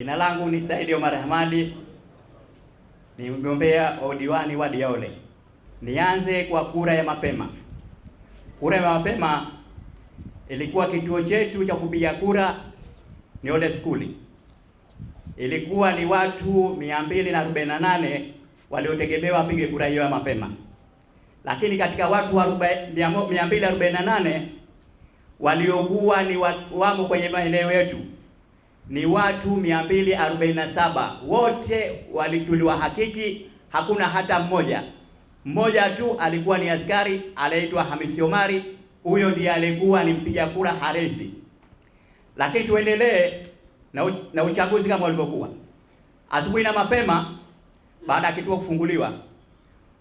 Jina langu ni Saidi Omar Hamadi, ni mgombea wa udiwani wadi ya Ole. Nianze kwa kura ya mapema. Kura ya mapema ilikuwa kituo chetu cha kupiga kura ni Ole skuli, ilikuwa ni watu 248 waliotegemewa wapige kura hiyo ya mapema, lakini katika watu 248 waliokuwa ni wamo kwenye maeneo yetu ni watu 247 wote hakiki, hakuna hata mmoja. Mmoja tu alikuwa ni askari anaitwa Hamisi Omari, huyo ndiye alikuwa ni mpiga kura halisi. Lakini tuendelee na, na uchaguzi kama ulivyokuwa. Asubuhi na mapema, baada ya kituo kufunguliwa,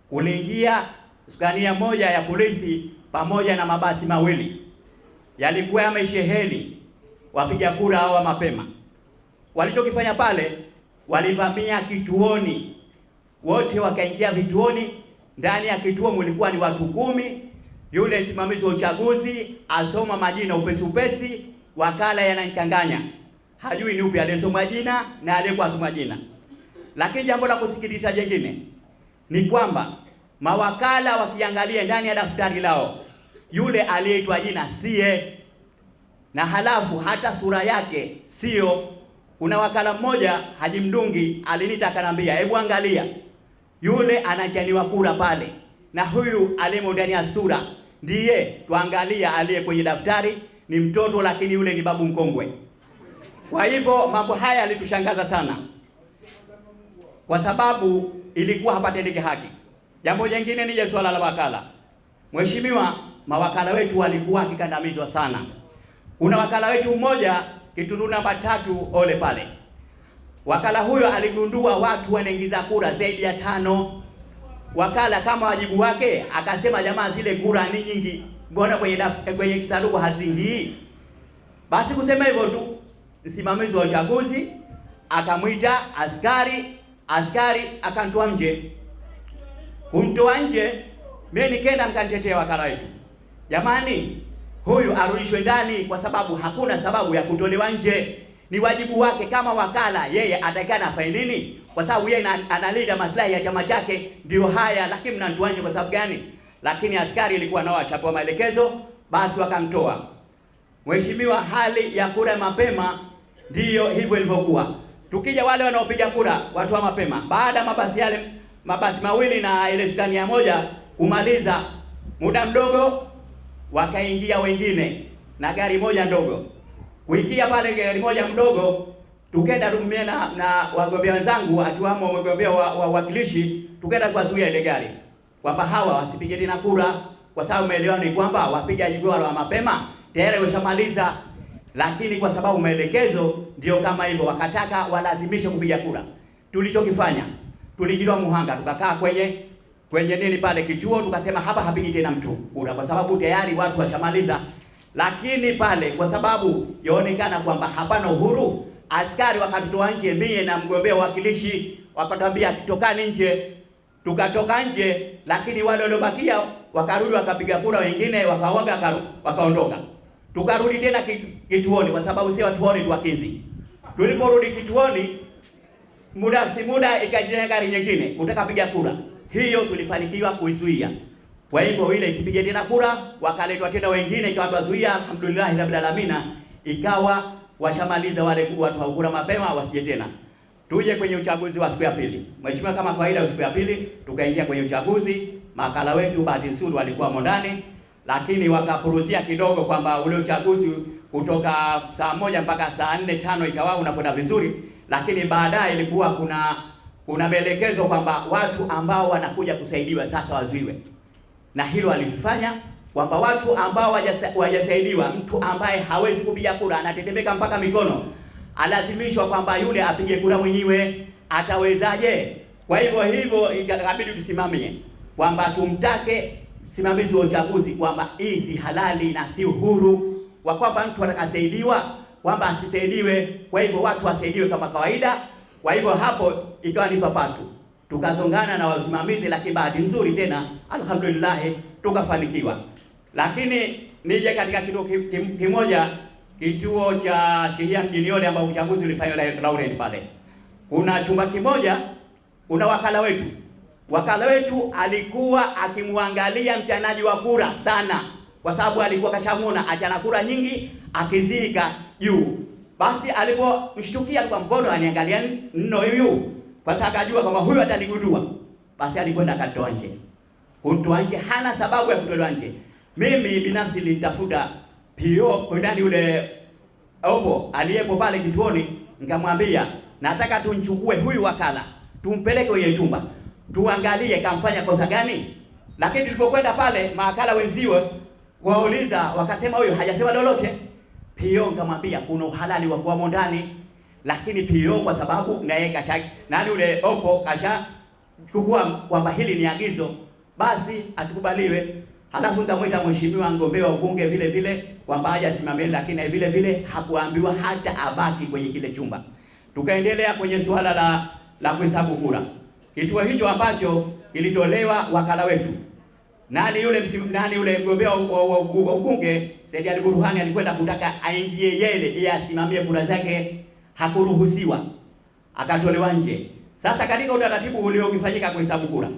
kuliingia skania moja ya polisi pamoja na mabasi mawili yalikuwa yamesheheni wapiga kura hawa mapema. Walichokifanya pale, walivamia kituoni, wote wakaingia vituoni. Ndani ya kituo mlikuwa ni watu kumi. Yule msimamizi wa uchaguzi asoma majina upesi upesi, wakala yananchanganya, hajui ni upi aliyesoma jina na aliyekuwa asoma jina. Lakini jambo la kusikitisha jingine ni kwamba mawakala wakiangalia ndani ya daftari lao, yule aliyeitwa jina sie na halafu hata sura yake sio. Kuna wakala mmoja Haji Mdungi alinita akanambia, hebu angalia yule anachaniwa kura pale na huyu alimo ndani ya sura ndiye tuangalia, aliye kwenye daftari ni mtoto, lakini yule ni babu mkongwe. Kwa hivyo mambo haya yalitushangaza sana, kwa sababu ilikuwa hapatendeki haki. Jambo jingine nije swala la wakala. Mheshimiwa, mawakala wetu walikuwa wakikandamizwa sana. Kuna wakala wetu mmoja Kituru namba tatu ole pale. Wakala huyo aligundua watu wanaingiza kura zaidi ya tano. Wakala kama wajibu wake akasema, jamaa, zile kura ni nyingi, mbona kwenye daf, kwenye kisanduku haziingii? Basi kusema hivyo tu, msimamizi wa uchaguzi akamwita askari, askari akantoa nje. Kumtoa nje, mimi nikaenda nikanitetea wakala wetu, jamani huyu arudishwe ndani, kwa sababu hakuna sababu ya kutolewa nje. Ni wajibu wake kama wakala, yeye atakana afanye nini? Kwa sababu yeye analinda maslahi ya chama chake, ndio haya. Lakini mnamtuanje kwa sababu gani? Lakini askari ilikuwa nao ashapewa maelekezo, basi wakamtoa mheshimiwa. Hali ya kura mapema ndiyo hivyo ilivyokuwa. Tukija wale wanaopiga kura watu wa mapema, baada ya mabasi yale mabasi mawili na ile sudani ya moja kumaliza muda mdogo wakaingia wengine na gari moja ndogo. Kuingia pale gari moja mdogo, tukenda tumie na, na wagombea wenzangu akiwamo mgombea wa uwakilishi, tukenda kuwazuia ile gari kwamba hawa wasipige tena kura, kwa sababu umeelewa ni kwamba wapigaji kura wa mapema tayari washamaliza, lakini kwa sababu maelekezo ndio kama hivyo, wakataka walazimishe kupiga kura. Tulichokifanya tulijitoa muhanga, tukakaa kwenye kwenye nini pale kituo, tukasema hapa hapigi tena mtu kura kwa sababu tayari watu washamaliza. Lakini pale kwa sababu yaonekana kwamba hapana uhuru, askari wakatutoa nje, mie na mgombea wakilishi wakatambia tokani nje, tukatoka nje, lakini wale waliobakia wakarudi wakapiga kura, wengine wakawaga wakaondoka. Tukarudi tena kituoni kwa sababu si watuoni tu wakinzi. Tuliporudi kituoni, muda si muda, ikaja gari nyingine utakapiga kura hiyo tulifanikiwa kuizuia. Kwa hivyo ile isipige tena kura, wakaletwa tena wengine, ikawa tuwazuia. Alhamdulillah rabbil alamin, ikawa washamaliza wale watu wa kura mapema, wasije tena. Tuje kwenye uchaguzi wa siku ya pili, mheshimiwa, kama kawaida, siku ya pili tukaingia kwenye uchaguzi. Makala wetu bahati nzuri walikuwa mondani, lakini wakapuruzia kidogo kwamba ule uchaguzi kutoka saa moja mpaka saa nne tano ikawa unakwenda vizuri, lakini baadaye ilikuwa kuna kuna unaelekezwa kwamba watu ambao wanakuja kusaidiwa sasa wazuiwe, na hilo alilifanya kwamba watu ambao wajasaidiwa, mtu ambaye hawezi kupiga kura, anatetemeka mpaka mikono, alazimishwa kwamba yule apige kura mwenyewe, atawezaje? Kwa hivyo hivyo itakabidi tusimamie kwamba tumtake simamizi wa uchaguzi kwamba hii si halali na si uhuru kwa kwamba mtu atakasaidiwa kwamba asisaidiwe. Kwa hivyo watu wasaidiwe kama kawaida. Kwa hivyo hapo ikawa ni papatu, tukazongana na wasimamizi, lakini bahati nzuri tena alhamdulillah tukafanikiwa. Lakini nije katika kituo kimoja, kituo cha sheria mjini ole ambao uchaguzi ulifanywa na Laurent pale, kuna chumba kimoja, kuna wakala wetu. Wakala wetu alikuwa akimwangalia mchanaji wa kura sana, kwa sababu alikuwa kashamuona achana kura nyingi, akizika juu basi alipomshtukia kwa mbono, aniangalia nno huyu. Kwa sababu akajua kwamba huyu atanigundua. Basi alikwenda akatoa nje. Kutoa nje hana sababu ya kutolewa nje. Mimi binafsi nilitafuta pio ndani ule opo aliyepo pale kituoni, nikamwambia nataka tunchukue huyu wakala tumpeleke kwenye chumba tuangalie kamfanya kosa gani. Lakini tulipokwenda pale, mawakala wenziwe wauliza, wakasema huyu hajasema lolote. Pio nikamwambia kuna uhalali wa kuwamo ndani, lakini Pio kwa sababu naye kasha nani ule opo kasha kukua kwamba hili ni agizo, basi asikubaliwe. Halafu nikamwita mheshimiwa mgombea wa ubunge vile vile kwamba aje asimamie, lakini vile vile hakuambiwa hata abaki kwenye kile chumba. Tukaendelea kwenye suala la la kuhesabu kura, kituo hicho ambacho kilitolewa wakala wetu nani yule msim, nani yule mgombea wa ubunge Said Ali Burhani alikwenda kutaka aingie yele ili asimamie kura zake, hakuruhusiwa, akatolewa nje. Sasa katika utaratibu uliofanyika kuhesabu kura,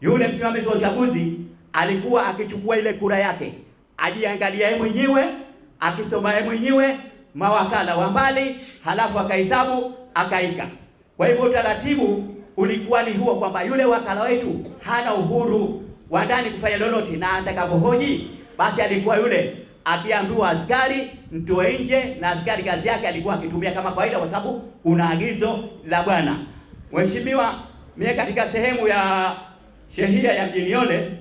yule msimamizi wa uchaguzi alikuwa akichukua ile kura yake, ajiangalia yeye mwenyewe, akisoma yeye mwenyewe, mawakala wa mbali, halafu akahesabu akaika. Kwa hivyo utaratibu ulikuwa ni huo kwamba yule wakala wetu hana uhuru wandani kufanya lolote, na atakapohoji basi alikuwa yule akiambiwa askari mtoe nje, na askari kazi yake alikuwa akitumia kama kawaida, kwa sababu kuna agizo la Bwana. Mheshimiwa, mie katika sehemu ya shehia ya mjini Ole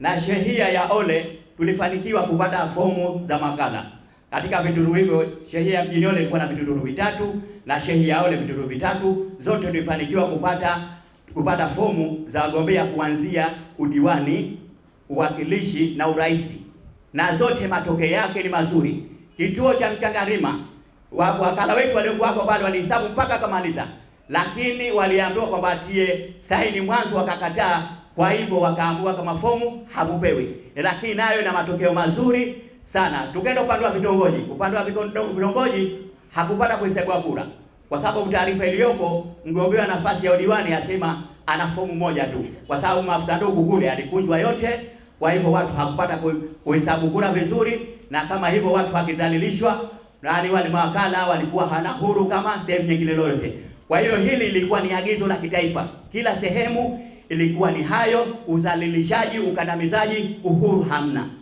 na shehia ya Ole tulifanikiwa kupata fomu za makala katika vituru hivyo. Shehia ya mjini Ole ilikuwa na vituru vitatu na shehia ya Ole vituru vitatu, zote tulifanikiwa kupata kupata fomu za wagombea kuanzia udiwani, uwakilishi na urais, na zote matokeo yake ni mazuri. Kituo cha Mchangarima wakala wetu waliokuwako pale walihesabu mpaka kamaliza, lakini waliambiwa kwamba atie saini mwanzo, wakakataa. Kwa hivyo wakaambua kama fomu hamupewi, lakini nayo na matokeo mazuri sana. Tukaenda upande wa vitongoji, upande wa vitongoji hakupata kuhesabiwa kura kwa sababu taarifa iliyopo mgombea nafasi ya udiwani asema ana fomu moja tu, kwa sababu maafisa ndugu kule alikunjwa yote. Kwa hivyo watu hakupata kuhesabu kura vizuri, na kama hivyo watu hakizalilishwa, nani wale mawakala walikuwa hana huru kama sehemu nyingine lolote. Kwa hiyo hili lilikuwa ni agizo la kitaifa, kila sehemu ilikuwa ni hayo: uzalilishaji, ukandamizaji, uhuru hamna.